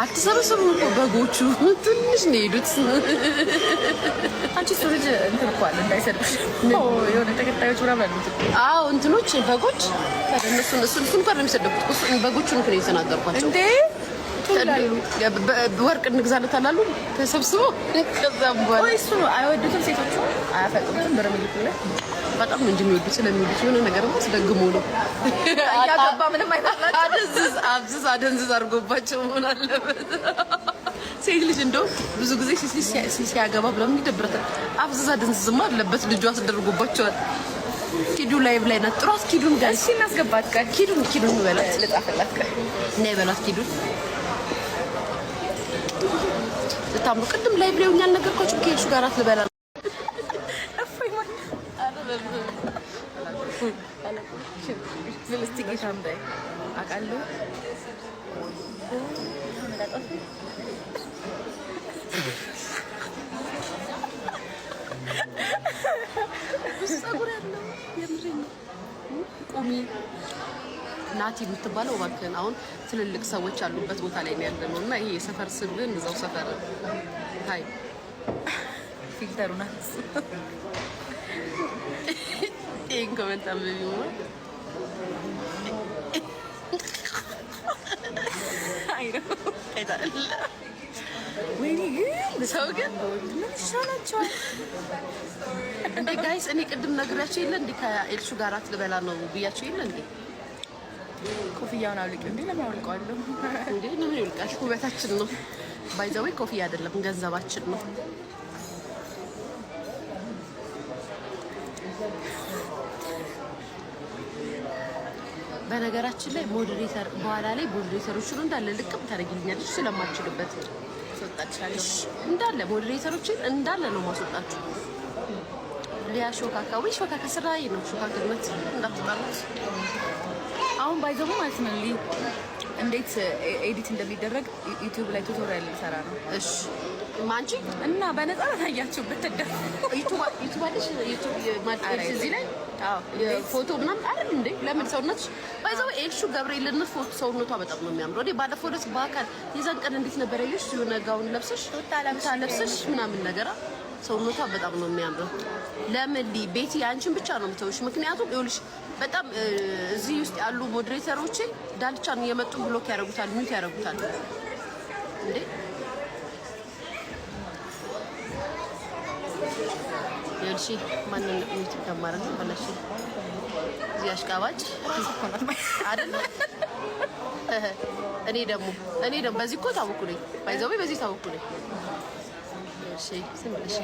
አትሰበሰቡ እኮ በጎቹ ትንሽ ነው የሄዱት። አንቺ እሱ ልጅ እንትን እኮ አለ እንዳይሰድብሽ የሆነ ተከታዮች ምናምን ያሉት አዎ እንትኖች በጎች እነሱ እሱ እንኳን ነው የሚሰደቡት። በጎቹ እኮ ነው የተናገርኳቸው። እንዴ ወርቅ እንግዛለት አላሉ ተሰብስቦ ከዛም በኋላ እሱ አይወዱትም ሴቶቹ አያፈቅሩትም ብር የሚልኩለት በጣም እንጂ የሚወዱት ስለሚወዱት የሆነ ነገር አስደግሞ ነው እያገባ ምንም አይፈቅላቸው አደንዝዝ አብዝዝ አደንዝዝ አድርጎባቸው መሆን አለበት። ሴት ልጅ እንደውም ብዙ ጊዜ ሲያገባ ብለምን ይደብረታል። አብዝዝ አደንዝዝማ አለበት ልጁ አስደርጎባቸዋል። ኪዱ ላይቭ ላይ ናት። ጥሯት ኪዱን ጋር እሺ፣ እናስገባት ጋር ኪዱን ኪዱን ይበላት ልጣፈላት ጋር እና ይበላት ኪዱን ልታምሩ ቅድም ላይቭ ላይ ሆኛል ነገርኳችሁ ከሄድሽ ጋር አትልበላ መልካም በይ ቁሚ ናቲ የምትባለው እባክህን፣ አሁን ትልልቅ ሰዎች ያሉበት ቦታ ላይ ነው ያለነው እና ይሄ የሰፈር ስም እዛው ሰፈር ሀይ ፊልተሩ ናት። ይህን ኮመንት አንብቢ ሆኗል ሰው ግን ምን ይሻላቸዋል? እንደ ጋይስ እኔ ቅድም ነግሪያቸው የለ እንደ ከኤልሹ ጋር ልበላ ነው ብያቸው የለ እንደ ኮፍያውን አውልቂ። እንደ ለምን አውልቀዋለሁ? እንደ ለምን ይውልቃል? ውበታችን ነው። ባይ ዘ ወይ ኮፍያ አይደለም ገንዘባችን ነው። በነገራችን ላይ ሞዴሬተር በኋላ ላይ ሁሉ እንዳለ ልቅም ታደርጊልኛለች ስለማችልበት እንዳለ ሞዴሬተሮችን እንዳለ ነው ማስወጣችሁ። ሊያ ሾካካ ወይ ሾካካ ስራዬ ነው። ሾካካነት እንዳትጣሉት። አሁን ባይዘሙ ማለት ነው ሊ እንዴት ኤዲት እንደሚደረግ ዩቲዩብ ላይ ቱቶሪያል ሊሰራ ነው። እሺ ማንቺ እና በነፃ ታያችሁ ብትደፍ ዩቲዩብ ዩቲዩብ አለሽ ዩቲዩብ ማለት እዚህ ላይ ፎቶ ምናምን አይደል እንዴ? ለምን ሰውነትሽ ባይዘው ኤክሹ ገብርኤልን ፎቶ ሰውነቷ በጣም ነው የሚያምረው። እኔ ባለፈው ደስ በአካል የዛን ቀን እንዴት ነበር ያየሽ? የሆነ ጋውን ለብሰሽ ለብሰሽ ምናምን ነገር ሰውነቷ በጣም ነው የሚያምረው። ለምን ዲ ቤቲ አንቺን ብቻ ነው የምትወሽ? ምክንያቱም ይኸውልሽ በጣም እዚህ ውስጥ ያሉ ሞዴሬተሮች ዳልቻን እየመጡ ብሎክ ያደርጉታል፣ ሚውት ያደርጉታል እንዴ ይኸውልሽ ማንን ዩቲዩብ ከማረግ ፈለሽ እዚህ አሽቃባጭ አይደል? እኔ ደግሞ እኔ ደግሞ በዚህ እኮ ታወኩ ነኝ። ባይዘው በዚህ ታወኩ ነኝ። እሺ ዝም ብለሽ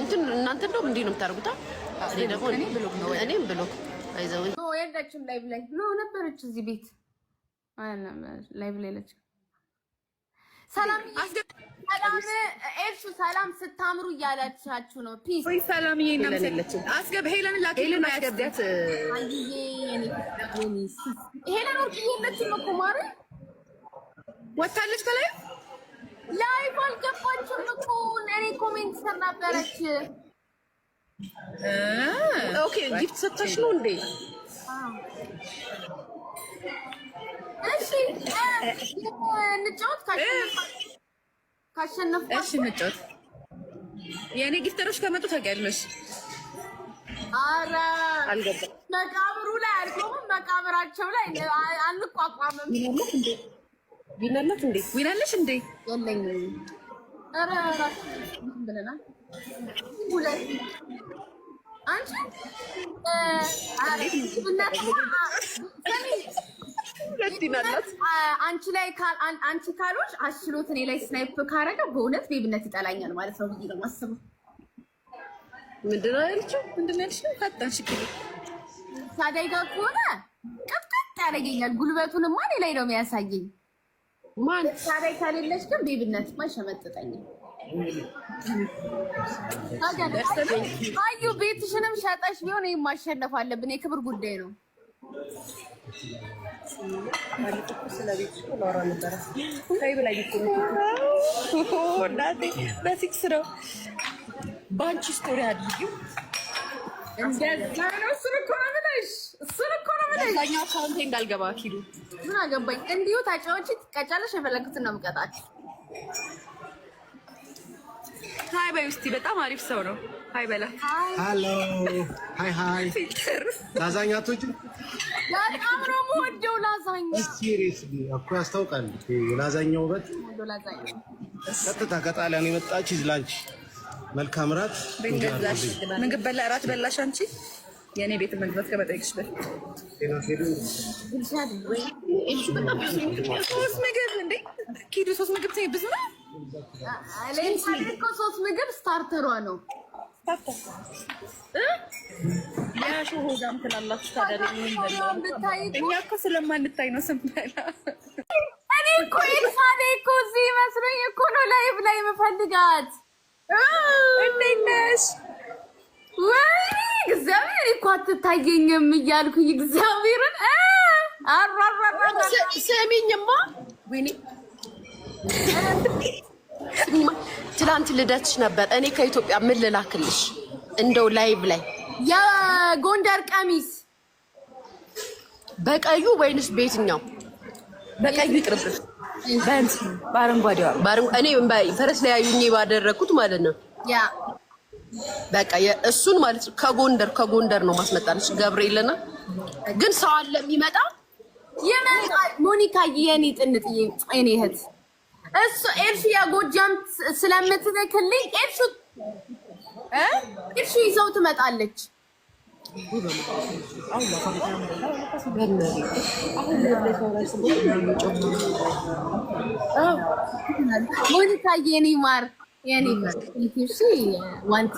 እንትን እናንተ እንደውም እንዲህ ነው የምታደርጉታ። እኔ ደግሞ እኔም የለችም ላይቭ ላይ ነው ነበረች እዚህ ቤት ላይቭ ላይ የለችም ሰላም ሰላም ኤፍሱ ሰላም ስታምሩ እያላችሁ ነው። ፒስ ወይ ሰላም ይሄን አስገብ ሄለን ላኪ ሄለን አስገቢያት። ሄለን ወርቅ የለችም እኮ ማሪ ወታለች ከላይ ላይቭ አልገባችም እኮ እኔ ኮሜንት ስር ነበረች። ኦኬ ጊፍት ሰጥተሽ ነው እንዴ? እሺ እንጫወት። የእኔ ጊፍተሮች ከመጡ ታውቂያለሽ። ኧረ መቃብሩ ላይ አልቆምም፣ መቃብራቸው ላይ አንቋቋምም። ዊናለሽ እንዴ? የለኝም ብለናል። አንቺ አንቺ ላይ አንቺ ካሎች አሽሎት እኔ ላይ ስናይፕ ካረገ በእውነት ቤብነት ይጠላኛል ማለት ነው ብዬ ነው የማስበው። ምንድን ነው ያለችው? ምንድን ነው ያለችው? ፈጠንሽ ግዴ ሳደጋ ከሆነ ቀፍቀጥ ያደርገኛል። ጉልበቱንማ እኔ ላይ ነው የሚያሳየኝ። ማን ሳደጋ ከሌለች ግን ቤብነት ማይሸመጥጠኛል። አዩ ቤትሽንም ሸጠሽ ቢሆን ይሄን ማሸነፍ አለብን። የክብር ጉዳይ ነው። በሲክስ ነው በአንቺ ስቶሪ አድርጊ። እዛኛው አካውንቴ እንዳልገባ ኪሉ ምን አገባኝ። እንዲሁ ታጫዎች ትቀጫለሽ፣ የፈለግኩትን ነው የምቀጣት። ሀይ በይ ውስቲ በጣም አሪፍ ሰው ነው። ሀይ በላ ሀሎ ሀይ ሀይ። ላዛኛ አትወጪም? በጣም ነው የምወደው ላዛኛ። ሲሪየስሊ እኮ ያስታውቃል ላዛኛ ውበት። ቀጥታ ከጣሊያን የመጣች ላንቺ መልካም ራት። ምግብ በላ ራት በላሽ አንቺ የእኔ ቤት መግባት ከመጠየቅሽ በፊት ሶስት ምግብ እንዴ ኪዱ ሶስት ምግብ ብዙ ነው። ሶስት ምግብ ስታርተሯ ነው ያሾ ሆዳም ትላላችሁ። ነው። ስምላ እኔ እኮ ኤልሳቤ እኮ እዚህ የምፈልጋት። እንዴት ነሽ? እግዚአብሔር እኮ አትታየኝም እያልኩኝ እግዚአብሔርን አራራራ ስሚኝማ ወይኔ ትላንት ልደትሽ ነበር። እኔ ከኢትዮጵያ ምን ልላክልሽ? እንደው ላይቭ ላይ የጎንደር ቀሚስ በቀዩ ወይንስ በየትኛው? በቀዩ ይቅርብሽ፣ በአረንጓዴ እኔ ፈረስ ላይ ያዩኝ ባደረግኩት ማለት ነው። ያ በቃ እሱን ማለት ነው። ከጎንደር ከጎንደር ነው ማስመጣለች። ገብርኤልና ግን ሰው አለ የሚመጣ ይመጣል። ሞኒካ የኔ ጥንጥ እኔ እህት እሱ ኤርሹ የጎጃም ስለምትልክልኝ ኤርሹ ኤርሹ ይዘው ትመጣለች። ሞኒካ የኔ ማር የኔ ዋንት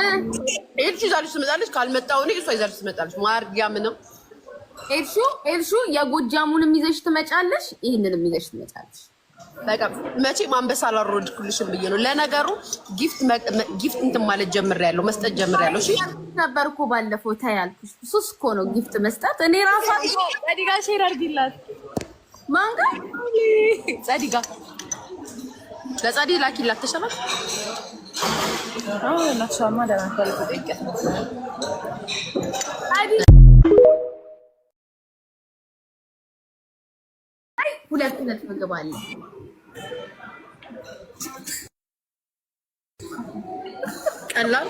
አንቺ ኤርሹ ይዛልሽ ትመጣለች። ካልመጣሁ እኔ እሷ ይዛልሽ ትመጣለች ኤልሹ ኤልሹ የጎጃሙንም ይዘሽ ትመጫለሽ፣ ይህንንም ይዘሽ ትመጫለሽ። በቃ መቼም አንበሳ አላወረድኩልሽም ብዬ ነው። ለነገሩ ጊፍት ጊፍት እንትን ማለት ጀምሬያለሁ፣ መስጠት ጀምሬያለሁ። እሺ ነበር እኮ ባለፈው ታያልኩሽ። ሱስ እኮ ነው ጊፍት መስጠት። እኔ ራሷ ጸዲጋ ሼር አድርጊላት፣ ማንጋ ጸዲጋ ለጸዲ ላኪላት ተሻላት ናቸማ ደናል ጠይቀ ላይ ሁለት ሁለት ምግብ አለ። ቀላል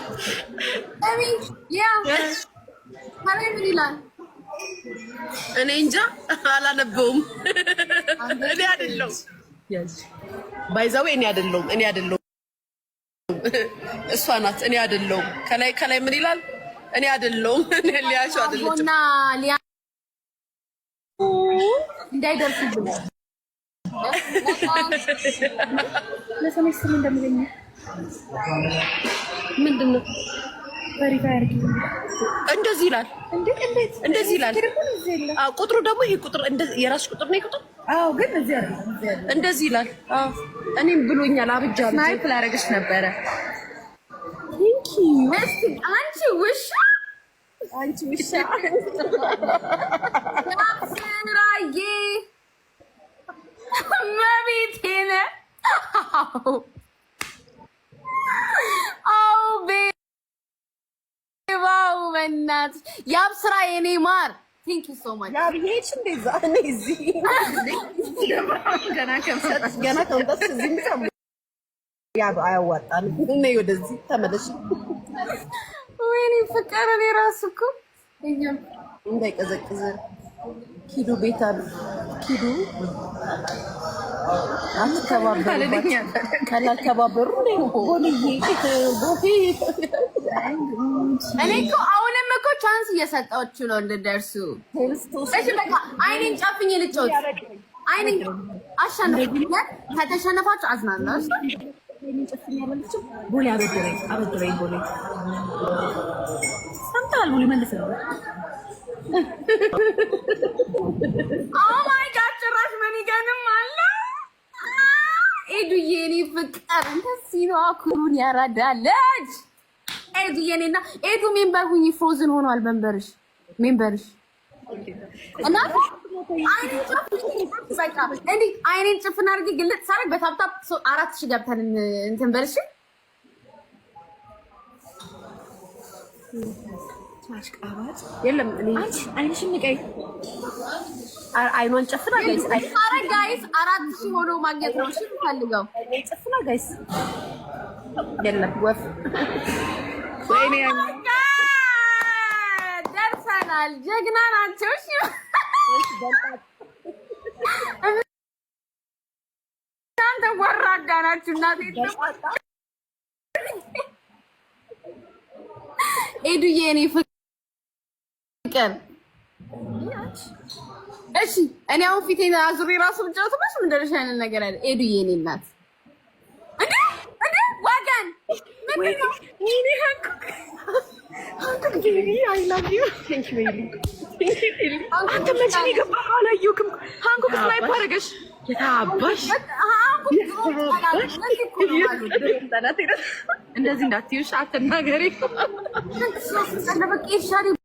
ምን ይላል? እኔ እንጃ አላነበውም። እኔ አይደለሁም ባይዛዌ እኔ አይደለሁም እኔ አይደለሁም እሷ ናት። እኔ አይደለሁም ከላይ ከላይ ምን ይላል? እኔ አይደለሁም ሊያቸው አይደለችም። እንዳይደርሱ ብለው ስም እንደምገኘ ምንድን ነው እንደዚህ ይላል፣ እንደዚህ ይላል። ቁጥሩ ደግሞ ይሄ ቁጥር የራስሽ ቁጥር ነው ቁጥር ግን እንደዚህ ይላል። እኔም ብሎኛል። አብጃ ስናይፕ ነበረ። አንቺ ውሻ አንቺ ውሻ ያስራዬ መቤቴነ አው ቤባው በእናትሽ ያብስራ የኔ ማር ቴንክ ዩ ሶ ማች ያብሄች እንደዛ እኔ እዚህ ገና ከምሰጥ ገና ከምጠስ እዚህ ምሰሙ ያብ አያዋጣንም እኔ ወደዚህ ተመለሽ ወይኔ ፍቅር እኔ ራሱ እኮ እንዳይቀዘቅዘ ኪዱ ቤት አሉ ኪዱ ካላከባበሩ እኔ እኮ አሁንም እኮ ቻንስ እየሰጣችሁ ነው እንድደርሱ። አይኔን ጨፍኝ አሸንፍ ከተሸነፋችሁ ቦሌ አበድረኝ አበድረኝ ቦሌ ሰምተሃል? ቦሌ መልስ ነው። ኦማይ ጋድ ጭራሽ መኒገንም አለ ኤዱዬ፣ እኔ ፍቅር እንደዚህ ነው። አክሩን ያራዳለች ኤዱዬ። እኔና ኤዱ ሜምበር ሁኝ። ፍሮዝን ሆኗል መንበርሽ ሜምበርሽ እና አይኔን ጭፍን አድርጌ ግልጥ ሳደርግ በታብታብ አራት ሺህ ገብተን እንትን በልሽ አሽቃባጭ የለም። አይኗን ጨፍና ጋይስ፣ ኧረ ጋይስ አራት ሺህ ሆኖ ማግኘት ነው ፈልገው። ጨፍና ጋይስ የለም። ወፍ oh ደርሰናል። ጀግና ናቸው። እናንተ ወራዳ ናችሁ። እናቴ ኤዱዬ እኔ ፍቅር እሺ፣ እኔ አሁን ፊቴን አዙሬ ራሱ ብጫወት መች ምን አይነት ነገር አለ። ኤዱዬ እኔ እናት ወገን አንተ መቼ ነው የገባኸው? አላየሁም። ሃንኮክ ስናይፕ አደረገሽ። እንደዚህ እንዳትዪው፣ አትናገሪ